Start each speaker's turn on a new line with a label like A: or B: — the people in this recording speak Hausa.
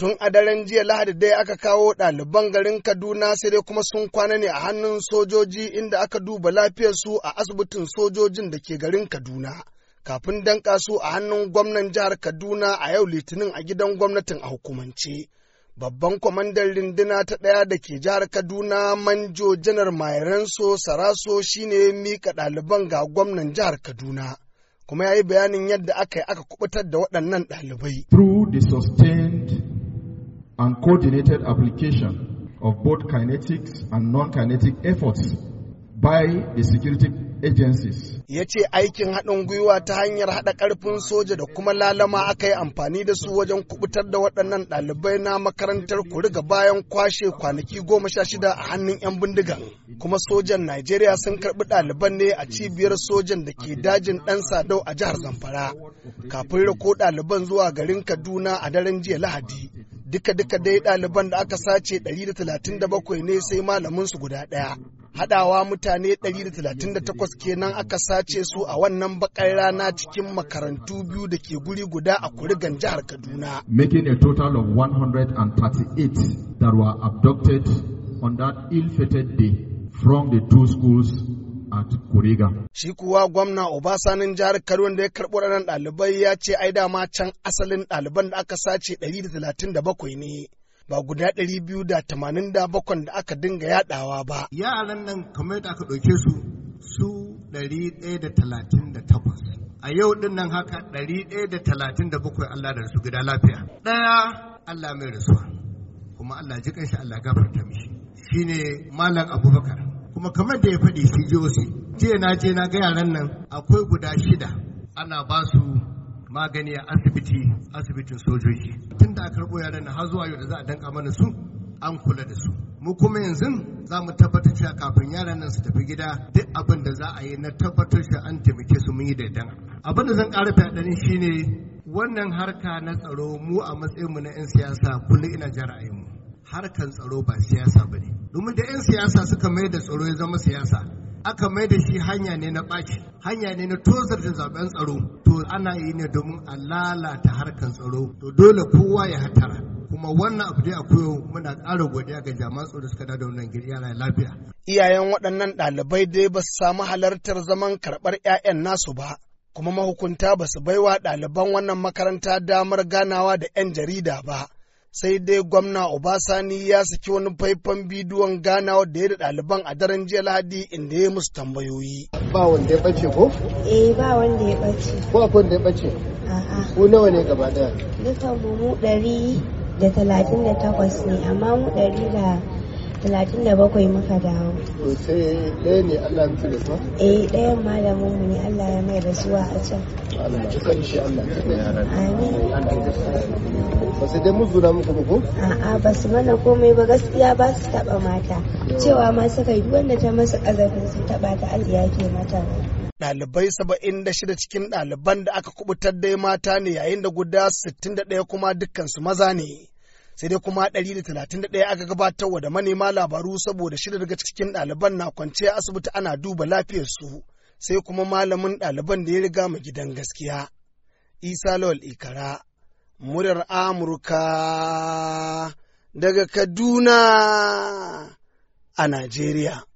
A: tun a daren jiya lahadi dai aka kawo ɗaliban garin kaduna sai dai kuma sun kwana ne a hannun sojoji inda aka duba lafiyarsu a asibitin sojojin da ke garin kaduna kafin danka su a hannun gwamnan jihar kaduna a yau litinin a gidan gwamnatin a hukumance babban kwamandan rinduna ta ɗaya da ke jihar kaduna manjo janar mayaranso saraso shine mika ɗaliban ga gwamnan jihar kaduna kuma ya yi bayanin yadda aka yi aka kubutar da waɗannan ɗalibai. and coordinated application of both kinetics and non-kinetic efforts by the security agencies. Ya ce aikin haɗin gwiwa ta hanyar haɗa ƙarfin soja da kuma lalama aka yi amfani da su wajen kubutar da waɗannan ɗalibai na makarantar kuriga bayan kwashe kwanaki goma sha shida a hannun 'yan bindigan. Kuma sojan Najeriya sun karɓi ɗaliban ne a cibiyar sojan da ke dajin ɗan sadau a jihar Zamfara. Kafin rako ɗaliban zuwa garin Kaduna a daren jiya Lahadi. duka-duka dai ɗaliban da aka sace 137 ne sai malaminsu guda ɗaya. Haɗawa mutane 138 kenan aka sace su a wannan bakar rana cikin makarantu biyu da ke guri guda a kurigan jihar Kaduna. Making a total of 138 that were abducted on that ill-fated day from the two schools a Kuriga. Shi kuwa gwamna Obasanin jihar Kano wanda ya karɓi ranar ɗalibai ya ce ai dama can asalin ɗaliban da aka sace 137 ne. ba guda ɗari biyu da tamanin da bakon da aka dinga yaɗawa ba. Yaran nan kamar yadda aka ɗauke su su ɗari ɗaya da talatin da takwas. A
B: yau din nan haka ɗari ɗaya da talatin da bakwai Allah da su gida lafiya. Ɗaya Allah mai rasuwa kuma Allah ji kanshi Allah gafarta mishi. ne Malam Abubakar kuma kamar da ya faɗi shi Jose jiya na je na ga yaran nan akwai guda shida ana ba su magani a asibiti asibitin sojoji tun da aka karɓo yaran nan har zuwa yau da za a danka mana su an kula da su mu kuma yanzu za mu tabbatar cewa kafin yaran nan su tafi gida duk abin da za a yi na tabbatar cewa an taimake su mun yi daidan abin da zan ƙara faɗaɗin shine wannan harka na tsaro mu a matsayinmu na 'yan siyasa kullum ina jin ra'ayin harkan tsaro ba siyasa ba ne domin da 'yan siyasa suka mai da tsaro ya zama siyasa aka mai da shi hanya ne na ɓaci hanya ne na tozar da zaben tsaro to ana yi ne domin a lalata harkan tsaro to dole kowa ya hatara kuma wannan abu dai akwai muna ƙara godiya ga jami'an tsaro suka da wannan yara lafiya
A: iyayen waɗannan ɗalibai dai ba su samu halartar zaman karɓar 'ya'yan nasu ba kuma mahukunta ba su baiwa ɗaliban wannan makaranta damar ganawa da 'yan jarida ba sai dai gwamna Obasani ya saki wani faifan bidiyon ganawa da ya da ɗaliban a daren jiya Lahadi inda ya musu tambayoyi.
B: Ba wanda ya ɓace ko? Eh ba wanda ya ɓace. Ko akwai wanda ya ɓace? A'a. Ko nawa ne gaba ɗaya?
A: Dukan mu ɗari da talatin da takwas ne amma mu ɗari da talatin da bakwai muka dawo.
B: sai ɗaya ne Allah ya da su?
A: Eh ɗayan malamin mu ne Allah ya mai rasuwa a can.
B: Allah ya kan shi Allah ya Amin. Ba su dai muzuna muku
A: ba ko? A'a ba su mana komai ba gaskiya ba su taɓa mata. Cewa ma suka yi wanda ta masa ƙazafin su taɓa ta Allah ke mata ɗalibai saba'in da shida cikin ɗaliban da aka kubutar dai mata ne yayin da guda sittin da ɗaya kuma dukkansu maza ne. sai dai kuma 131 aka gabatarwa da manema labaru saboda shida daga cikin ɗaliban na kwance asibiti ana duba lafiyar su sai kuma malamin ɗaliban da ya riga mu gidan gaskiya isa lawal ikara muryar amurka daga kaduna a najeriya